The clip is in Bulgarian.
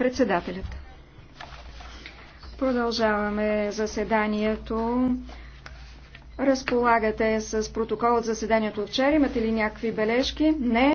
Председателят. Продължаваме заседанието. Разполагате с протокол от заседанието вчера. Имате ли някакви бележки? Не.